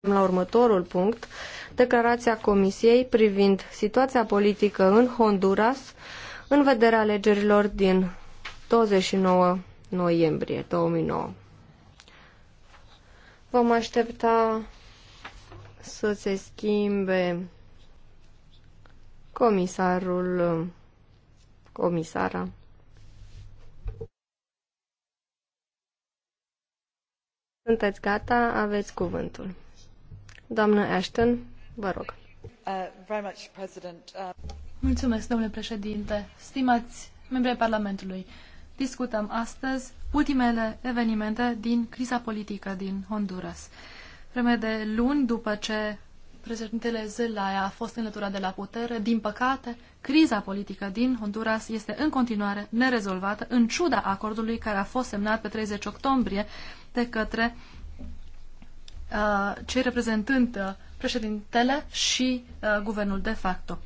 la următorul punct, declarația Comisiei privind situația politică în Honduras în vederea alegerilor din 29 noiembrie 2009. Vom aștepta să se schimbe comisarul, comisara. Sunteți gata? Aveți cuvântul. Doamnă Ashton, vă rog. domnule președinte. Stimați membrii Parlamentului, discutăm astăzi ultimele evenimente din criza politică din Honduras. Vreme de luni după ce președintele Zelaya a fost înlăturat de la putere, din păcate, criza politică din Honduras este în continuare nerezolvată, în ciuda acordului care a fost semnat pe 30 octombrie de către uh, Uh, cei reprezentând uh, președintele și uh, guvernul de facto.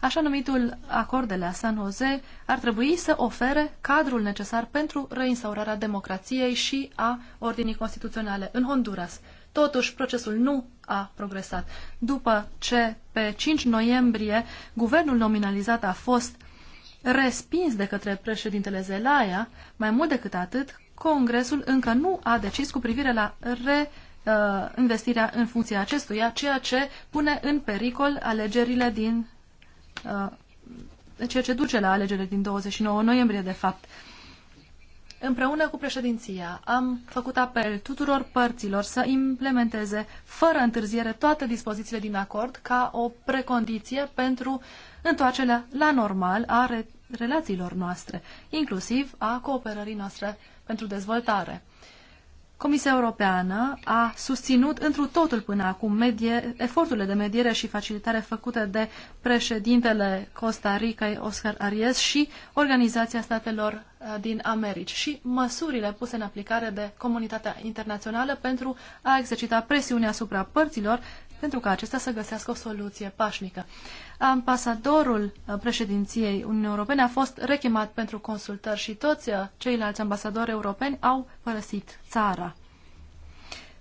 Așa numitul acord de la San Jose ar trebui să ofere cadrul necesar pentru reinstaurarea democrației și a ordinii constituționale în Honduras. Totuși, procesul nu a progresat. După ce pe 5 noiembrie guvernul nominalizat a fost respins de către președintele Zelaya, mai mult decât atât, Congresul încă nu a decis cu privire la re- Uh, investirea în funcția acestuia, ceea ce pune în pericol alegerile din uh, ceea ce duce la alegerile din 29 noiembrie, de fapt. Împreună cu președinția am făcut apel tuturor părților să implementeze fără întârziere toate dispozițiile din acord ca o precondiție pentru întoarcerea la normal a re relațiilor noastre, inclusiv a cooperării noastre pentru dezvoltare. Comisia Europeană a susținut întru totul până acum medie, eforturile de mediere și facilitare făcute de președintele Costa Ricai Oscar Arias și Organizația Statelor uh, din Americi și măsurile puse în aplicare de comunitatea internațională pentru a exercita presiunea asupra părților pentru ca acestea să găsească o soluție pașnică ambasadorul uh, președinției Uniunii Europene a fost rechemat pentru consultări și toți uh, ceilalți ambasadori europeni au părăsit țara.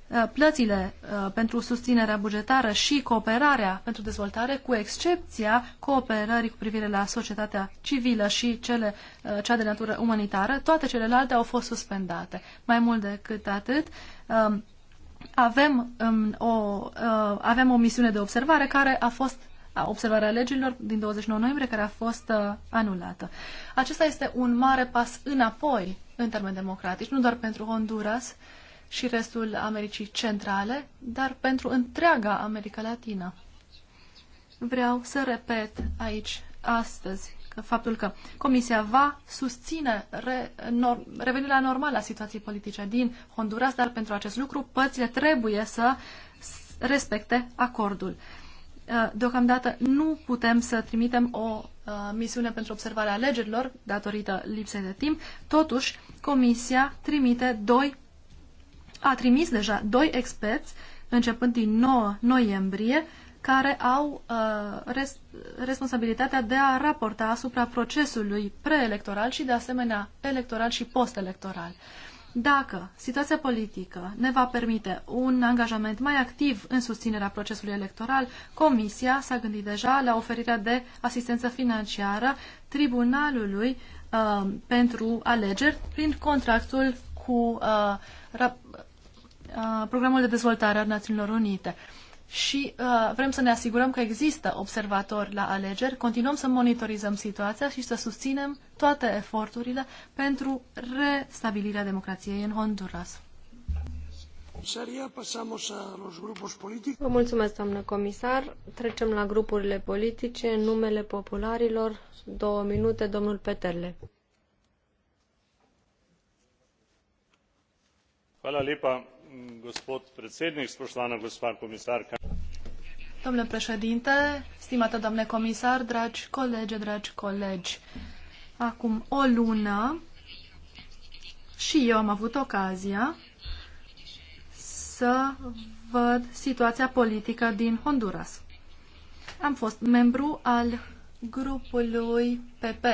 Uh, plățile pentru susținerea bugetară și cooperarea pentru dezvoltare, cu excepția cooperării cu privire la societatea civilă și cele, cea de natură umanitară, toate celelalte au fost suspendate. Mai mult decât atât, um, avem, um, o, avem o misiune de observare care a fost observarea legilor din 29 noiembrie care a fost uh, anulată. Acesta este un mare pas înapoi în termeni democratici, nu doar pentru Honduras și restul Americii Centrale, dar pentru întreaga America Latină. Vreau să repet aici astăzi că faptul că Comisia va susține re, nor, revenirea normală a situației politice din Honduras, dar pentru acest lucru părțile trebuie să respecte acordul. Uh, Uh, deocamdată nu putem să trimitem o uh, misiune pentru observarea alegerilor datorită lipsei de timp. Totuși, Comisia trimite doi, a trimis deja doi experți începând din 9 noiembrie care au uh, res, responsabilitatea de a raporta asupra procesului preelectoral și de asemenea electoral și postelectoral. Uh, dacă situația politică ne va permite un angajament mai activ în susținerea procesului electoral, Comisia s-a gândit deja la oferirea de asistență financiară Tribunalului uh, pentru alegeri prin contractul cu uh, uh, Programul de Dezvoltare al Națiunilor Unite. Uh, și uh, vrem să ne asigurăm că există observatori la alegeri, continuăm să monitorizăm situația și să susținem toate eforturile pentru restabilirea democrației în Honduras. Vă mulțumesc, doamnă comisar. Trecem la grupurile politice. În numele popularilor, două minute, domnul Peterle. Hvala lepa Domnule președinte, stimată doamnă comisar, dragi colegi, dragi colegi, acum o lună și eu am avut ocazia să văd situația politică din Honduras. Am fost membru al grupului PP,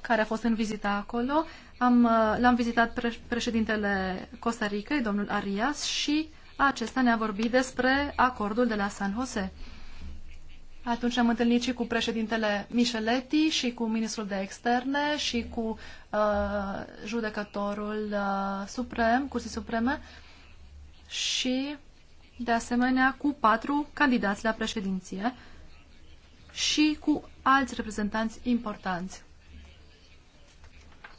care a fost în vizită acolo am, uh, l-am vizitat președintele Costa Rica, domnul Arias, și acesta ne-a vorbit despre acordul de la San Jose. Atunci am întâlnit și cu președintele Micheletti și cu ministrul de externe și cu uh, judecătorul uh, suprem, Curții Supreme și de asemenea cu patru candidați la președinție și cu alți reprezentanți importanți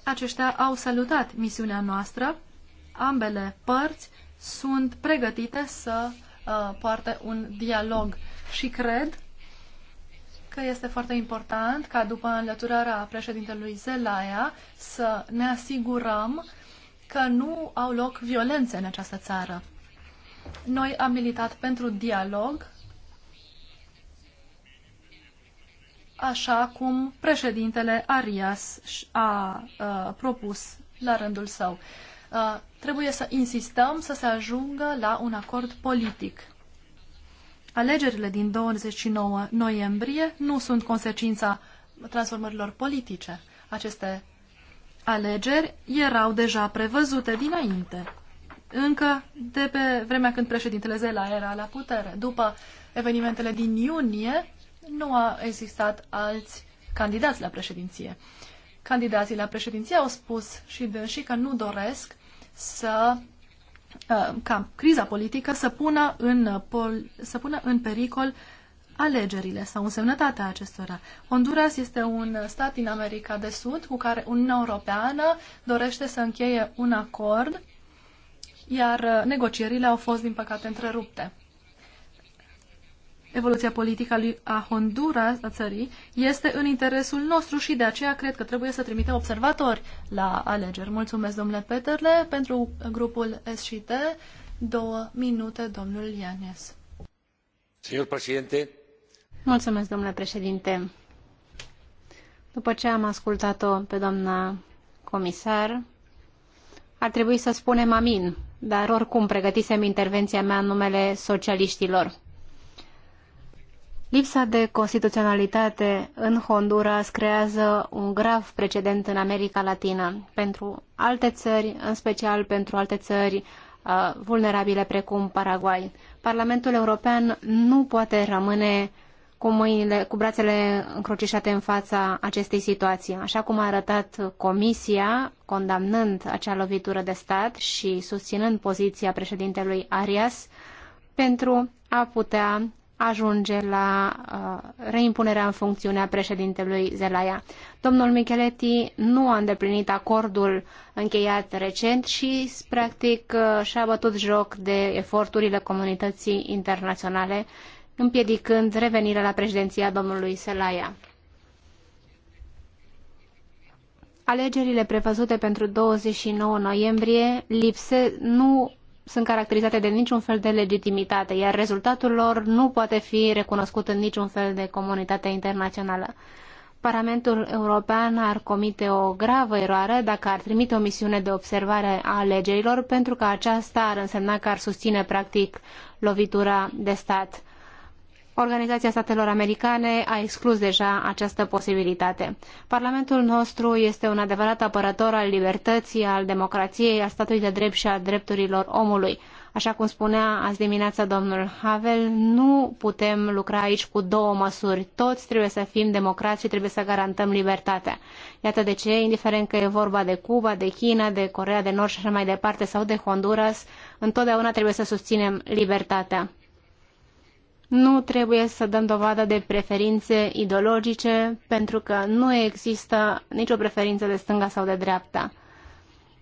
aceștia au salutat misiunea noastră. Ambele părți sunt pregătite să uh, poarte un dialog și cred că este foarte important ca după înlăturarea președintelui Zelaya să ne asigurăm că nu au loc violențe în această țară. Noi am militat pentru dialog așa cum președintele Arias a uh, propus la rândul său. Uh, trebuie să insistăm să se ajungă la un acord politic. Alegerile din 29 noiembrie nu sunt consecința transformărilor politice. Aceste alegeri erau deja prevăzute dinainte, încă de pe vremea când președintele Zela era la putere. După evenimentele din iunie, nu a existat alți candidați la președinție. Candidații la președinție au spus și dânsii că nu doresc să uh, ca criza politică să pună în, pol, să pună în pericol alegerile sau însemnătatea acestora. Honduras este un stat din America de Sud cu care Uniunea Europeană dorește să încheie un acord, iar uh, negocierile au fost, din păcate, întrerupte evoluția politică a, lui, a Honduras, a țării, este în interesul nostru și de aceea cred că trebuie să trimitem observatori la alegeri. Mulțumesc, domnule Peterle, pentru grupul SCT. Două minute, domnul Ianes. Mulțumesc, domnule președinte. După ce am ascultat-o pe doamna comisar, ar trebui să spunem amin, dar oricum pregătisem intervenția mea în numele socialiștilor. Lipsa de constituționalitate în Honduras creează un grav precedent în America Latină pentru alte țări, în special pentru alte țări uh, vulnerabile precum Paraguay. Parlamentul European nu poate rămâne cu, mâinile, cu brațele încrucișate în fața acestei situații, așa cum a arătat Comisia, condamnând acea lovitură de stat și susținând poziția președintelui Arias pentru a putea ajunge la uh, reimpunerea în funcțiune a președintelui Zelaya. Domnul Micheletti nu a îndeplinit acordul încheiat recent și, practic, uh, și-a bătut joc de eforturile comunității internaționale, împiedicând revenirea la președinția domnului Zelaya. Alegerile prevăzute pentru 29 noiembrie lipse, nu sunt caracterizate de niciun fel de legitimitate, iar rezultatul lor nu poate fi recunoscut în niciun fel de comunitate internațională. Parlamentul European ar comite o gravă eroare dacă ar trimite o misiune de observare a alegerilor, pentru că aceasta ar însemna că ar susține practic lovitura de stat. Organizația Statelor Americane a exclus deja această posibilitate. Parlamentul nostru este un adevărat apărător al libertății, al democrației, al statului de drept și al drepturilor omului. Așa cum spunea azi dimineața domnul Havel, nu putem lucra aici cu două măsuri. Toți trebuie să fim democrați și trebuie să garantăm libertatea. Iată de ce, indiferent că e vorba de Cuba, de China, de Corea de Nord și așa mai departe, sau de Honduras, întotdeauna trebuie să susținem libertatea. Nu trebuie să dăm dovadă de preferințe ideologice, pentru că nu există nicio preferință de stânga sau de dreapta.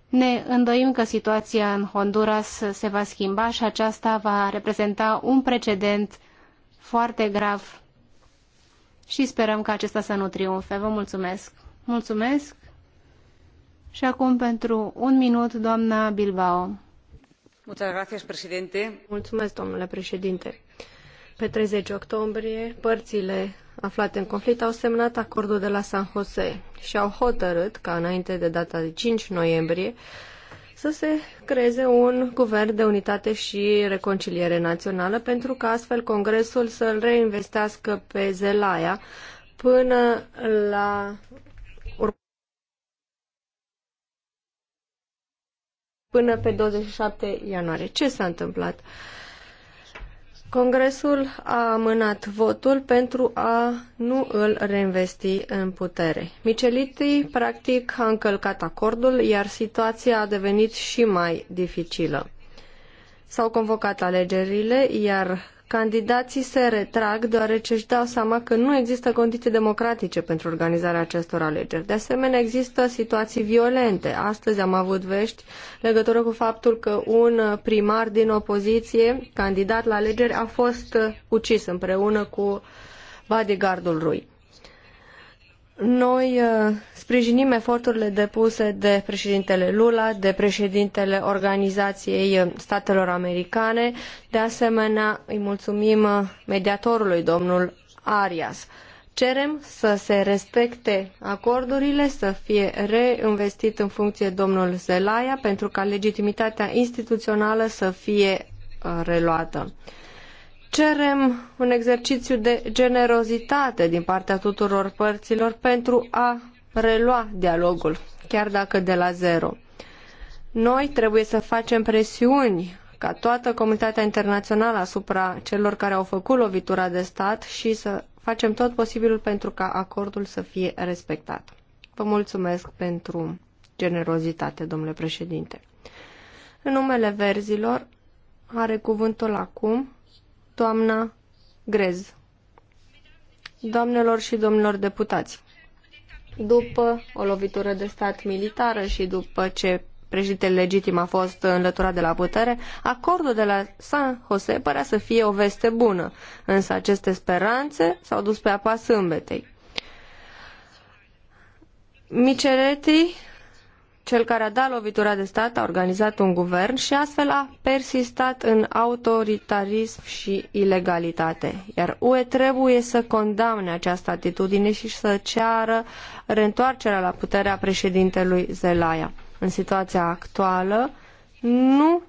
Ne îndoim că situația în Honduras se va schimba și aceasta va reprezenta un precedent foarte grav și sperăm că acesta să nu triumfe. Vă mulțumesc! Mulțumesc! Și acum pentru un minut, doamna Bilbao. Mulțumesc, domnule președinte pe 30 octombrie, părțile aflate în conflict au semnat acordul de la San Jose și au hotărât ca înainte de data de 5 noiembrie să se creeze un guvern de unitate și reconciliere națională pentru ca astfel Congresul să-l reinvestească pe Zelaya până la până pe 27 ianuarie. Ce s-a întâmplat? Uh, Congresul a amânat votul pentru a nu îl reinvesti în putere. Miceliti, practic, a încălcat acordul, iar situația a devenit și mai dificilă. S-au convocat alegerile, iar Candidații se retrag deoarece își dau seama că nu există condiții democratice pentru organizarea acestor alegeri. De asemenea, există situații violente. Astăzi am avut vești legătură cu faptul că un primar din opoziție, candidat la alegeri, a fost ucis împreună cu bodyguardul lui. Noi uh, sprijinim eforturile depuse de președintele Lula, de președintele Organizației uh, Statelor Americane. De asemenea, îi mulumim uh, mediatorului, domnul Arias. Cerem să se respecte acordurile, să fie reinvestit în funcție domnul Zelaya pentru ca legitimitatea instituțională să fie reluată. Cerem un exercițiu de generozitate din partea tuturor părților pentru a relua dialogul, chiar dacă de la zero. Noi trebuie să facem presiuni ca toată comunitatea internațională asupra celor care au făcut lovitura de stat și să facem tot posibilul pentru ca acordul să fie respectat. Vă mulțumesc pentru generozitate, domnule președinte. În numele verzilor are cuvântul acum toamna Grez. Doamnelor și domnilor deputați, după o lovitură de stat militară și după ce președintele legitim a fost înlăturat de la putere, acordul de la San Jose părea să fie o veste bună, însă aceste speranțe s-au dus pe apa sâmbetei. Micereti cel care a dat lovitura de stat a organizat un guvern și astfel a persistat în autoritarism și ilegalitate. Iar UE trebuie să condamne această atitudine și să ceară reîntoarcerea la puterea președintelui Zelaya. În situația actuală, nu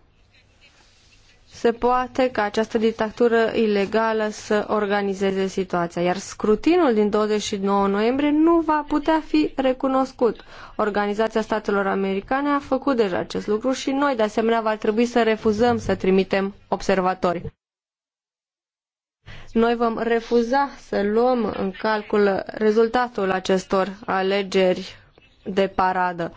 se poate ca această dictatură ilegală să organizeze situația, iar scrutinul din 29 noiembrie nu va putea fi recunoscut. Organizația Statelor Americane a făcut deja acest lucru și noi, de asemenea, va trebui să refuzăm să trimitem observatori. Noi vom refuza să luăm în calcul rezultatul acestor alegeri de paradă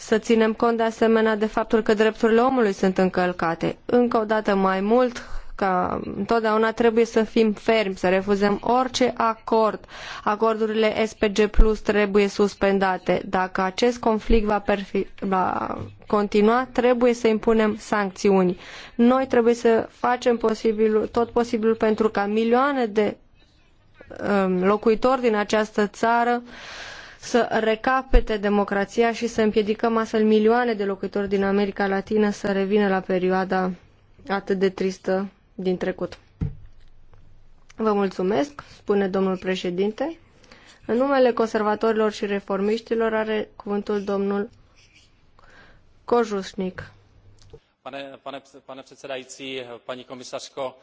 să ținem cont de asemenea de faptul că drepturile omului sunt încălcate. Încă o dată mai mult, ca întotdeauna trebuie să fim fermi, să refuzăm orice acord. Acordurile SPG Plus trebuie suspendate. Dacă acest conflict va, va continua, trebuie să impunem sancțiuni. Noi trebuie să facem tot posibilul pentru ca milioane de um, locuitori din această țară uh, să recapete democrația și să împiedicăm astfel milioane de locuitori din America Latină să revină la perioada atât de tristă din trecut. Vă mulțumesc, spune domnul președinte. În numele conservatorilor și reformiștilor are cuvântul domnul Kožušnik. Pane, pane, pane předsedající, paní komisařko,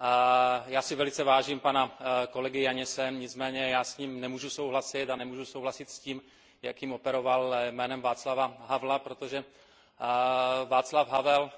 Eh, já si velice vážím pana eh, kolegy janise nicméně já s ním nemůžu souhlasit a nemůžu souhlasit s tím jakým operoval eh, jménem václava havla protože václav havel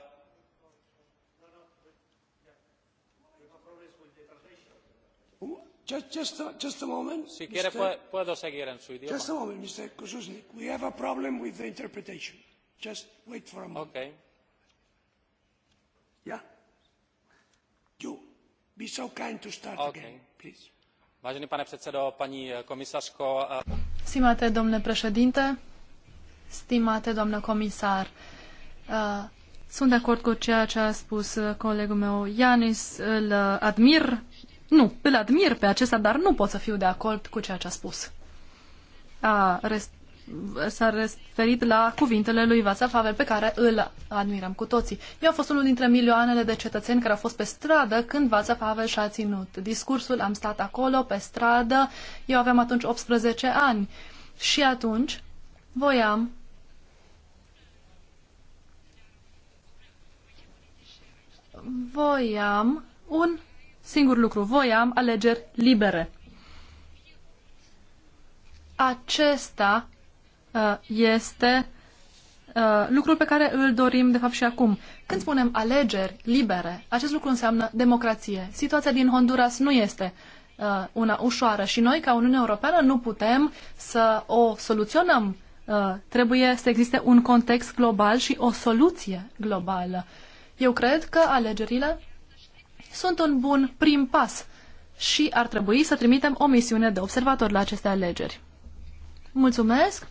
Be so kind to start okay. again, please. Vážený pane předsedo, paní komisařko. Eh, stimate domnule președinte, stimate doamnă comisar, eh, sunt de acord cu ceea ce a spus colegul meu Ianis, îl admir, nu, îl admir pe acesta, dar nu pot să fiu de acord cu ceea ce a spus. A, rest, s-a referit la cuvintele lui Václav Havel pe care îl admirăm cu toții. Eu am fost unul dintre milioanele de cetățeni care au fost pe stradă când Václav Havel și-a ținut discursul. Am stat acolo, pe stradă. Eu aveam atunci 18 ani. Și atunci voiam voiam un singur lucru. Voiam alegeri libere. Acesta Uh, este uh, lucrul pe care îl dorim de fapt și acum. Când spunem alegeri libere, acest lucru înseamnă democrație. Situația din Honduras nu este uh, una ușoară și noi, ca Uniunea Europeană, nu putem să o soluționăm. Trebuie să existe un context global și o soluție globală. Eu cred că alegerile sunt un bun prim pas și ar trebui să trimitem o misiune de observator la aceste alegeri. Mulțumesc!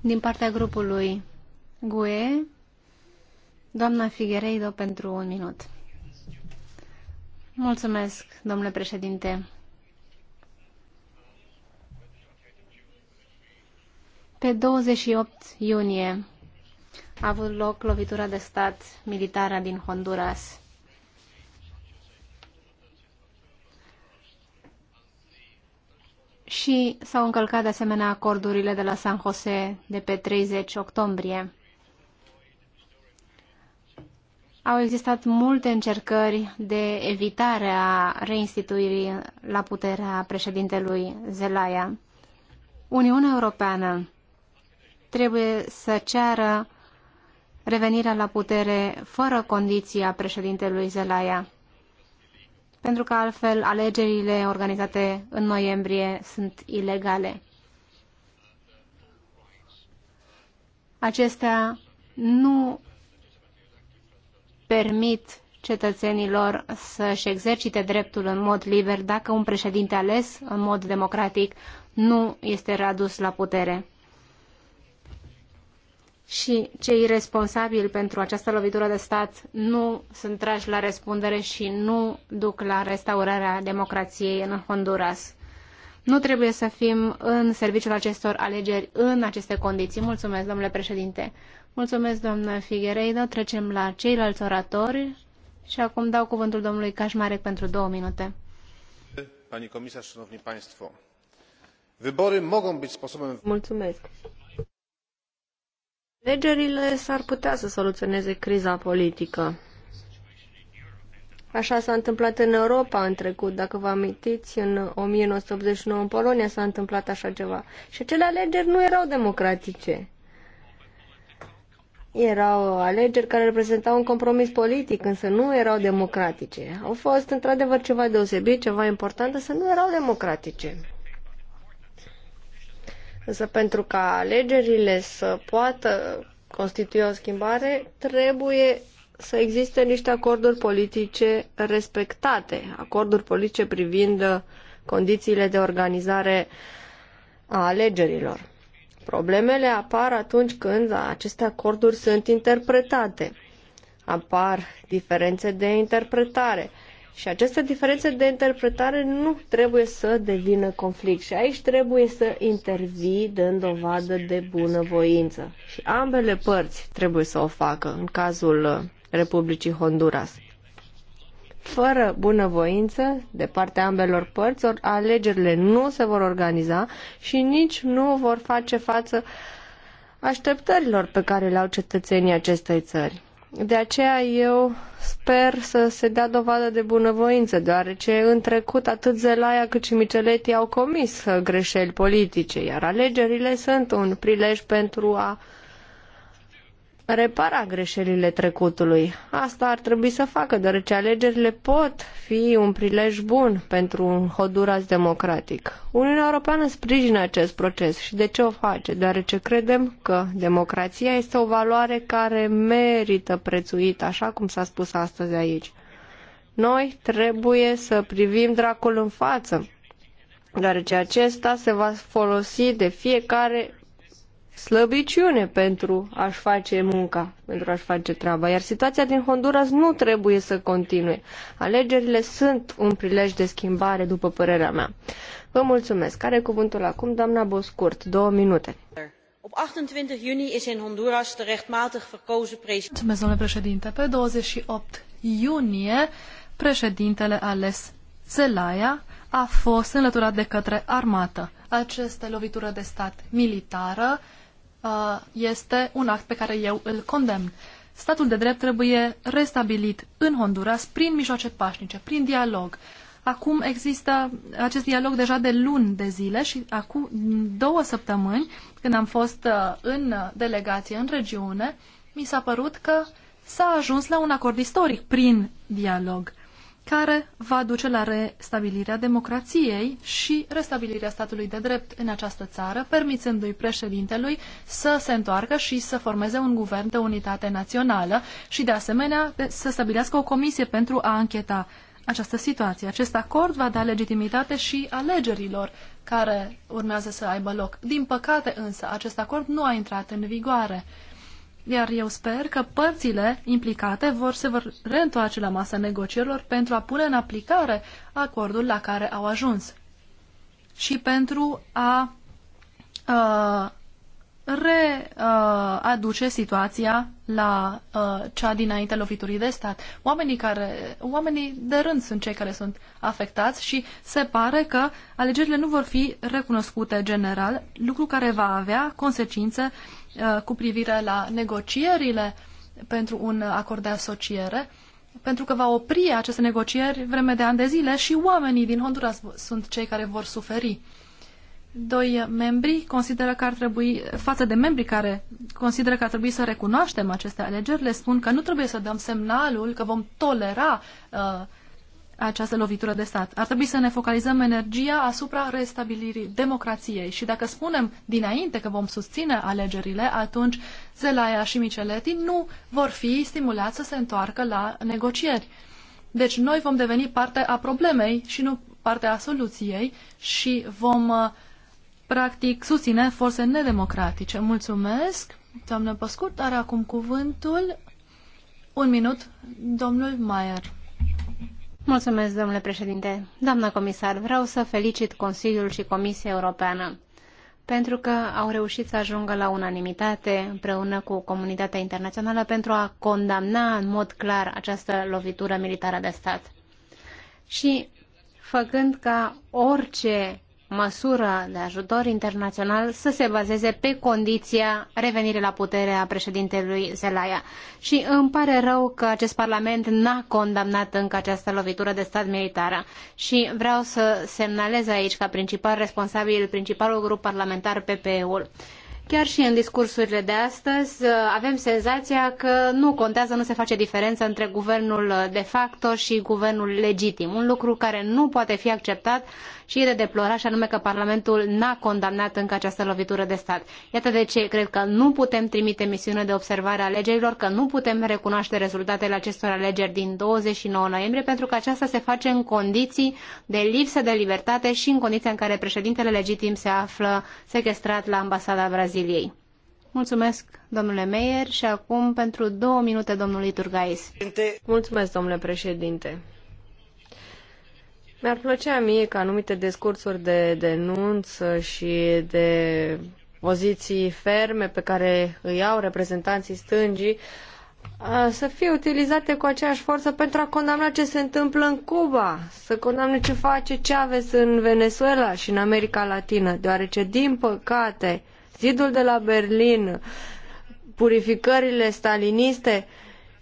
Din partea grupului GUE, doamna Figueiredo pentru un minut. Mulțumesc, domnule președinte. Pe 28 iunie a avut loc lovitura de stat militară din Honduras. și s-au încălcat de asemenea acordurile de la San Jose de pe 30 octombrie. Au existat multe încercări de evitare a reinstituirii la puterea președintelui Zelaya. Uniunea Europeană trebuie să ceară revenirea la putere fără condiția președintelui Zelaya pentru că altfel alegerile organizate în noiembrie sunt ilegale. Acestea nu permit cetățenilor să-și exercite dreptul în mod liber dacă un președinte ales în mod democratic nu este readus la putere și cei responsabili pentru această lovitură de stat nu sunt trași la răspundere și nu duc la restaurarea democrației în Honduras. Nu trebuie să fim în serviciul acestor alegeri în aceste condiții. Mulțumesc, domnule președinte. Mulțumesc, doamnă Figueiredo. Trecem la ceilalți oratori și acum dau cuvântul domnului Cașmarec pentru două minute. Pani comisar, șanovni państwo, wybory mogą być sposobem... Mulțumesc. Alegerile s-ar putea să soluționeze criza politică. Așa s-a întâmplat în Europa în trecut, dacă vă amintiți, în 1989 în Polonia s-a întâmplat așa ceva. Și acele alegeri nu erau democratice. Erau alegeri care reprezentau un compromis politic, însă nu erau democratice. Au fost într-adevăr ceva deosebit, ceva important, însă nu erau democratice. Însă pentru ca alegerile să poată constitui o schimbare, trebuie să existe niște acorduri politice respectate, acorduri politice privind condițiile de organizare a alegerilor. Problemele apar atunci când aceste acorduri sunt interpretate. Apar diferențe de interpretare. Și această diferență de interpretare nu trebuie să devină conflict și aici trebuie să intervii dând dovadă de bunăvoință. Și ambele părți trebuie să o facă în cazul uh, Republicii Honduras. Fără bunăvoință de partea ambelor părți, alegerile nu se vor organiza și nici nu vor face față așteptărilor pe care le au cetățenii acestei țări. De aceea eu sper să se dea dovadă de bunăvoință, deoarece în trecut atât Zelaia cât și Miceleti au comis greșeli politice, iar alegerile sunt un prilej pentru a repara greșelile trecutului. Asta ar trebui să facă, deoarece alegerile pot fi un prilej bun pentru un hoduras democratic. Uniunea Europeană sprijină acest proces și de ce o face? Deoarece credem că democrația este o valoare care merită prețuită, așa cum s-a spus astăzi aici. Noi trebuie să privim dracul în față, deoarece acesta se va folosi de fiecare slăbiciune pentru a-și face munca, pentru a-și face treaba. Iar situația din Honduras nu trebuie să continue. Alegerile sunt un prilej de schimbare, după părerea mea. Vă mulțumesc. Care cuvântul acum, doamna Boscurt? Două minute. Op 28 iunie is in Honduras de rechtmatig verkozen president. Mulțumesc, domnule președinte. Pe 28 iunie, președintele ales Zelaya a fost înlăturat de către armată. Aceste lovitură de stat militară este un act pe care eu îl condemn. Statul de drept trebuie restabilit în Honduras prin mijloace pașnice, prin dialog. Acum există acest dialog deja de luni de zile și acum două săptămâni, când am fost în delegație în regiune, mi s-a părut că s-a ajuns la un acord istoric prin dialog care va duce la restabilirea democrației și restabilirea statului de drept în această țară, permițându-i președintelui să se întoarcă și să formeze un guvern de unitate națională și, de asemenea, să stabilească o comisie pentru a încheta această situație. Acest acord va da legitimitate și alegerilor care urmează să aibă loc. Din păcate, însă, acest acord nu a intrat în vigoare iar eu sper că părțile implicate vor se vor reîntoarce la masa negocierilor pentru a pune în aplicare acordul la care au ajuns și pentru a, a uh, readuce uh, situația la uh, cea dinainte loviturii de stat. Oamenii, care, oamenii de rând sunt cei care sunt afectați și se pare că alegerile nu vor fi recunoscute general, lucru care va avea consecințe uh, cu privire la negocierile pentru un acord de asociere, pentru că va opri aceste negocieri vreme de ani de zile și oamenii din Honduras sunt cei care vor suferi doi membri consideră că ar trebui, față de membri care consideră că ar trebui să recunoaștem aceste alegeri, le spun că nu trebuie să dăm semnalul că vom tolera uh, această lovitură de stat. Ar trebui să ne focalizăm energia asupra restabilirii democrației și dacă spunem dinainte că vom susține alegerile, atunci Zelaia și Miceleti nu vor fi stimulați să se întoarcă la negocieri. Deci noi vom deveni parte a problemei și nu parte a soluției și vom uh, practic susține forțe nedemocratice. Mulțumesc. Doamnă Păscurt are acum cuvântul. Un minut, domnul Maier. Mulțumesc, domnule președinte. Doamnă comisar, vreau să felicit Consiliul și Comisia Europeană pentru că au reușit să ajungă la unanimitate împreună cu comunitatea internațională pentru a condamna în mod clar această lovitură militară de stat. Și făcând ca orice măsură de ajutor internațional să se bazeze pe condiția revenirii la putere a președintelui Zelaya. Și îmi pare rău că acest parlament n-a condamnat încă această lovitură de stat militară. Și vreau să semnalez aici ca principal responsabil principalul grup parlamentar PPE-ul. Chiar și în discursurile de astăzi avem senzația că nu contează, nu se face diferență între guvernul de facto și guvernul legitim, un lucru care nu poate fi acceptat și e de deplorat și anume că Parlamentul n-a condamnat încă această lovitură de stat. Iată de ce cred că nu putem trimite misiune de observare a alegerilor, că nu putem recunoaște rezultatele acestor alegeri din 29 noiembrie, pentru că aceasta se face în condiții de lipsă de libertate și în condiția în care președintele legitim se află sequestrat la ambasada Braziliei. Mulțumesc, domnule Meyer, și acum pentru două minute domnului Turgais. Mulțumesc, domnule președinte. Mi-ar plăcea mie ca anumite discursuri de denunț și de poziții ferme pe care îi au reprezentanții stângii să fie utilizate cu aceeași forță pentru a condamna ce se întâmplă în Cuba, să condamne ce face Chavez în Venezuela și în America Latină, deoarece, din păcate, zidul de la Berlin, purificările staliniste,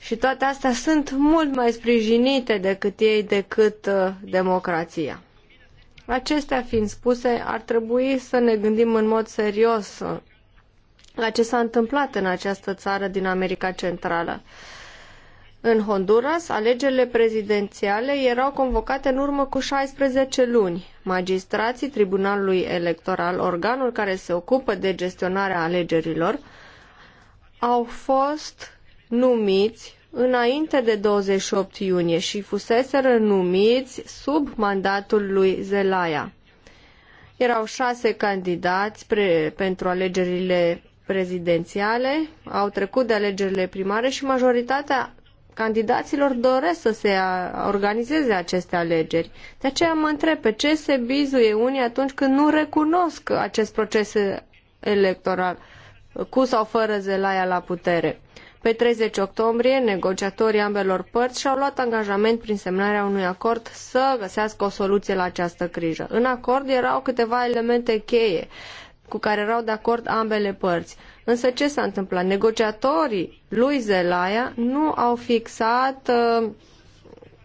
și toate astea sunt mult mai sprijinite decât ei, decât uh, democrația. Acestea fiind spuse, ar trebui să ne gândim în mod serios uh, la ce s-a întâmplat în această țară din America Centrală. În Honduras, alegerile prezidențiale erau convocate în urmă cu 16 luni. Magistrații Tribunalului Electoral, organul care se ocupă de gestionarea alegerilor, au fost numiți înainte de 28 iunie și fusese numiți sub mandatul lui Zelaya. Erau șase candidați pre, pentru alegerile prezidențiale, au trecut de alegerile primare și majoritatea candidaților doresc să se organizeze aceste alegeri. De aceea mă întreb pe ce se bizuie unii atunci când nu recunosc acest proces electoral, cu sau fără zelaia la putere. Pe 30 octombrie, negociatorii ambelor părți și-au luat angajament prin semnarea unui acord să găsească o soluție la această criză. În acord erau câteva elemente cheie cu care erau de acord ambele părți. Însă ce s-a întâmplat? Negociatorii lui Zelaya nu au fixat uh,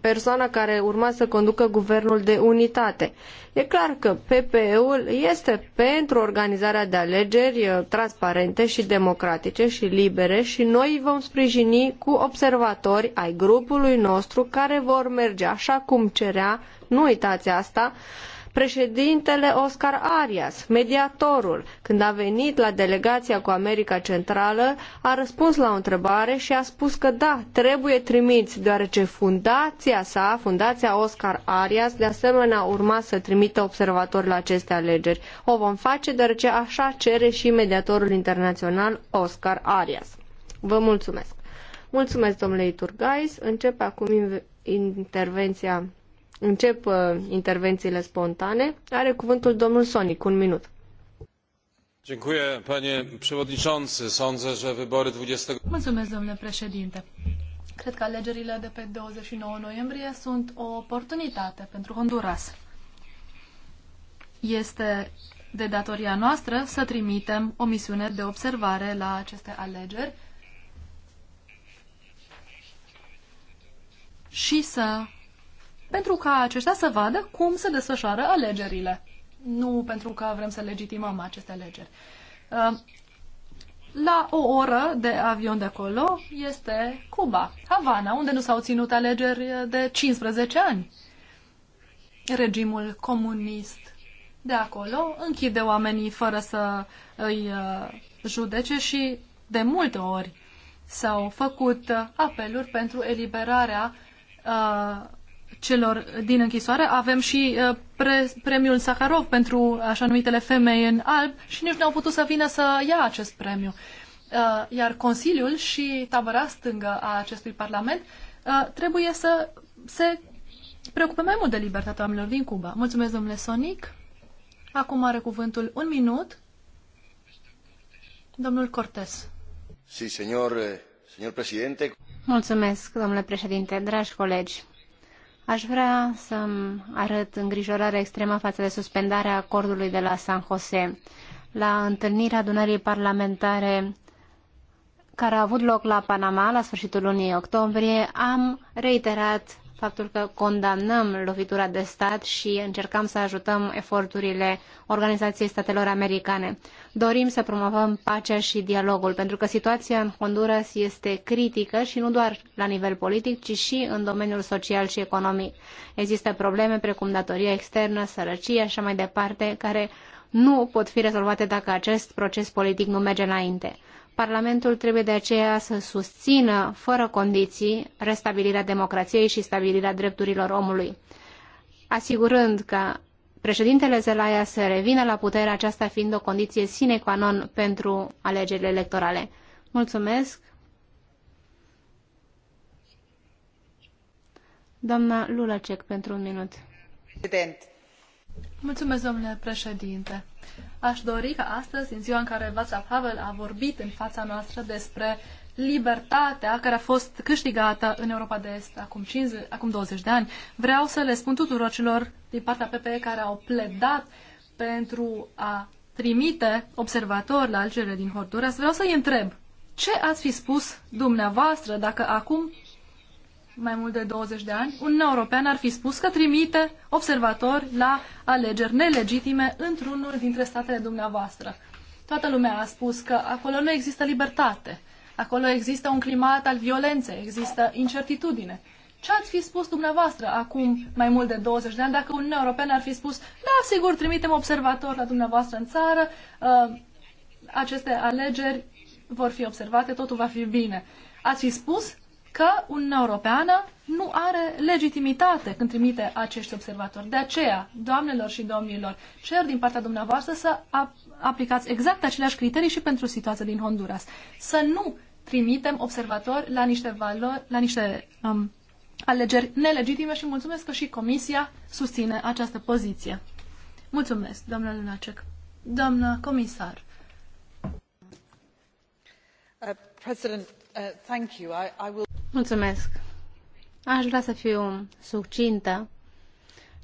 persoana care urma să conducă guvernul de unitate. E clar că PPE-ul este pentru organizarea de alegeri uh, transparente și democratice și libere și noi îi vom sprijini cu observatori ai grupului nostru care vor merge așa cum cerea, nu uitați asta, uh, președintele Oscar Arias, mediatorul, când a venit la delegația cu America Centrală, a răspuns la o întrebare și a spus că da, trebuie trimiți, deoarece fundația sa, fundația Oscar Arias, de asemenea urma să trimită observatori la aceste alegeri. O vom face deoarece așa cere și mediatorul internațional Oscar Arias. Vă mulțumesc! Mulțumesc, domnule Iturgais. Începe acum intervenția încep uh, intervențiile spontane. Are cuvântul domnul Sonic, un minut. Mulțumesc, domnule președinte. Cred că alegerile de pe 29 noiembrie sunt o oportunitate pentru Honduras. Este de datoria noastră să trimitem o misiune de observare la aceste alegeri și să pentru ca aceștia să vadă cum se desfășoară alegerile. Nu pentru că vrem să legitimăm aceste alegeri. Ehm, la o oră de avion de acolo este Cuba, Havana, unde nu s-au ținut alegeri de 15 ani. Regimul comunist de acolo închide oamenii fără să îi uh, judece și de multe ori s-au făcut uh, apeluri pentru eliberarea uh, celor din închisoare. Avem și uh, pre, premiul Sakharov pentru așa numitele femei în alb și nici nu au putut să vină să ia acest premiu. Uh, iar Consiliul și tabăra stângă a acestui Parlament uh, trebuie să se preocupe mai mult de libertatea oamenilor din Cuba. Mulțumesc, domnule Sonic. Acum are cuvântul un minut. Domnul Cortes. Si, senor, senor Mulțumesc, domnule președinte, dragi colegi. Aș vrea să arăt îngrijorarea extremă față de suspendarea acordului de la San Jose. La întâlnirea adunării parlamentare care a avut loc la Panama la sfârșitul lunii octombrie, am reiterat faptul că condamnăm lovitura de stat și încercăm să ajutăm eforturile Organizației Statelor Americane. Dorim să promovăm pacea și dialogul, pentru că situația în Honduras este critică și nu doar la nivel politic, ci și în domeniul social și economic. Există probleme precum datoria externă, sărăcie și așa mai departe, care nu pot fi rezolvate dacă acest proces politic nu merge înainte. Parlamentul trebuie de aceea să susțină, fără condiții, restabilirea democrației și stabilirea drepturilor omului, asigurând că președintele Zelaya să revină la putere, aceasta fiind o condiție sine qua non pentru alegerile electorale. Mulțumesc! Doamna Lulacek, pentru un minut. Mulțumesc, domnule președinte. Aș dori ca astăzi, în ziua în care Vața Pavel a vorbit în fața noastră despre libertatea care a fost câștigată în Europa de Est acum, 50, acum 20 de ani, vreau să le spun tuturor celor din partea PPE care au pledat pentru a trimite observatori la algerile din Hordura, vreau să-i întreb ce ați fi spus dumneavoastră dacă acum mai mult de 20 de ani, un european ar fi spus că trimite observatori la alegeri nelegitime într-unul dintre statele dumneavoastră. Toată lumea a spus că acolo nu există libertate, acolo există un climat al violenței, există incertitudine. Ce ați fi spus dumneavoastră acum mai mult de 20 de ani dacă un european ar fi spus, da, sigur, trimitem observatori la dumneavoastră în țară, uh, aceste alegeri vor fi observate, totul va fi bine. Ați fi spus că Uniunea Europeană nu are legitimitate când trimite acești observatori. De aceea, doamnelor și domnilor, cer din partea dumneavoastră să ap- aplicați exact aceleași criterii și pentru situația din Honduras. Să nu trimitem observatori la niște valori, la niște um, alegeri nelegitime și mulțumesc că și Comisia susține această poziție. Mulțumesc, doamna Lunacek. Doamna comisar. Uh, President, uh, thank you. I, I will... Mulțumesc. Aș vrea să fiu succintă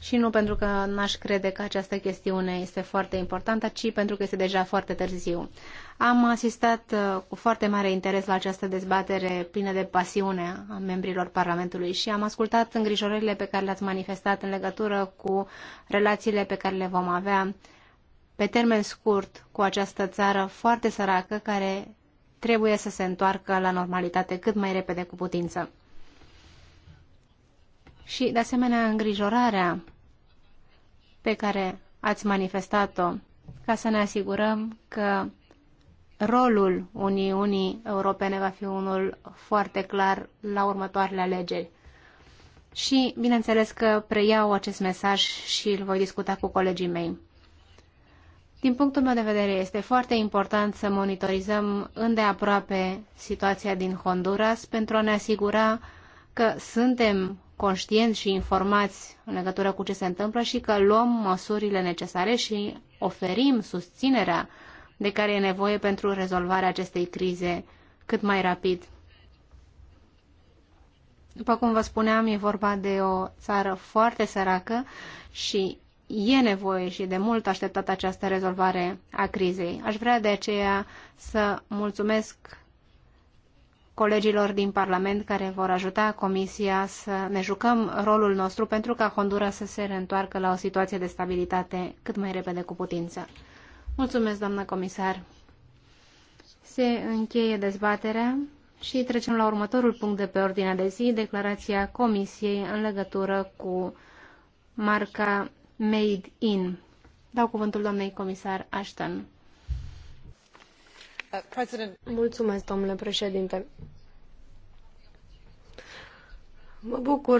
și nu pentru că n-aș crede că această chestiune este foarte importantă, ci pentru că este deja foarte târziu. Am asistat uh, cu foarte mare interes la această dezbatere plină de pasiune a membrilor Parlamentului și am ascultat îngrijorările pe care le-ați manifestat în legătură cu relațiile pe care le vom avea pe termen scurt cu această țară foarte săracă care trebuie să se întoarcă la normalitate cât mai repede cu putință. Și, de asemenea, îngrijorarea pe care ați manifestat-o ca să ne asigurăm că rolul Uniunii Europene va fi unul foarte clar la următoarele alegeri. Și, bineînțeles că preiau acest mesaj și îl voi discuta cu colegii mei. Din punctul meu de vedere, este foarte important să monitorizăm îndeaproape situația din Honduras pentru a ne asigura că suntem conștienți și informați în legătură cu ce se întâmplă și că luăm măsurile necesare și oferim susținerea de care e nevoie pentru rezolvarea acestei crize cât mai rapid. După cum vă spuneam, e vorba de o țară foarte săracă și e nevoie și de mult așteptat această rezolvare a crizei. Aș vrea de aceea să mulțumesc colegilor din Parlament care vor ajuta Comisia să ne jucăm rolul nostru pentru ca Honduras să se reîntoarcă la o situație de stabilitate cât mai repede cu putință. Mulțumesc, doamnă comisar. Se încheie dezbaterea și trecem la următorul punct de pe ordinea de zi, declarația Comisiei în legătură cu marca Made In. Dau cuvântul doamnei comisar Ashton. Uh, Mulțumesc, domnule președinte. Mă bucur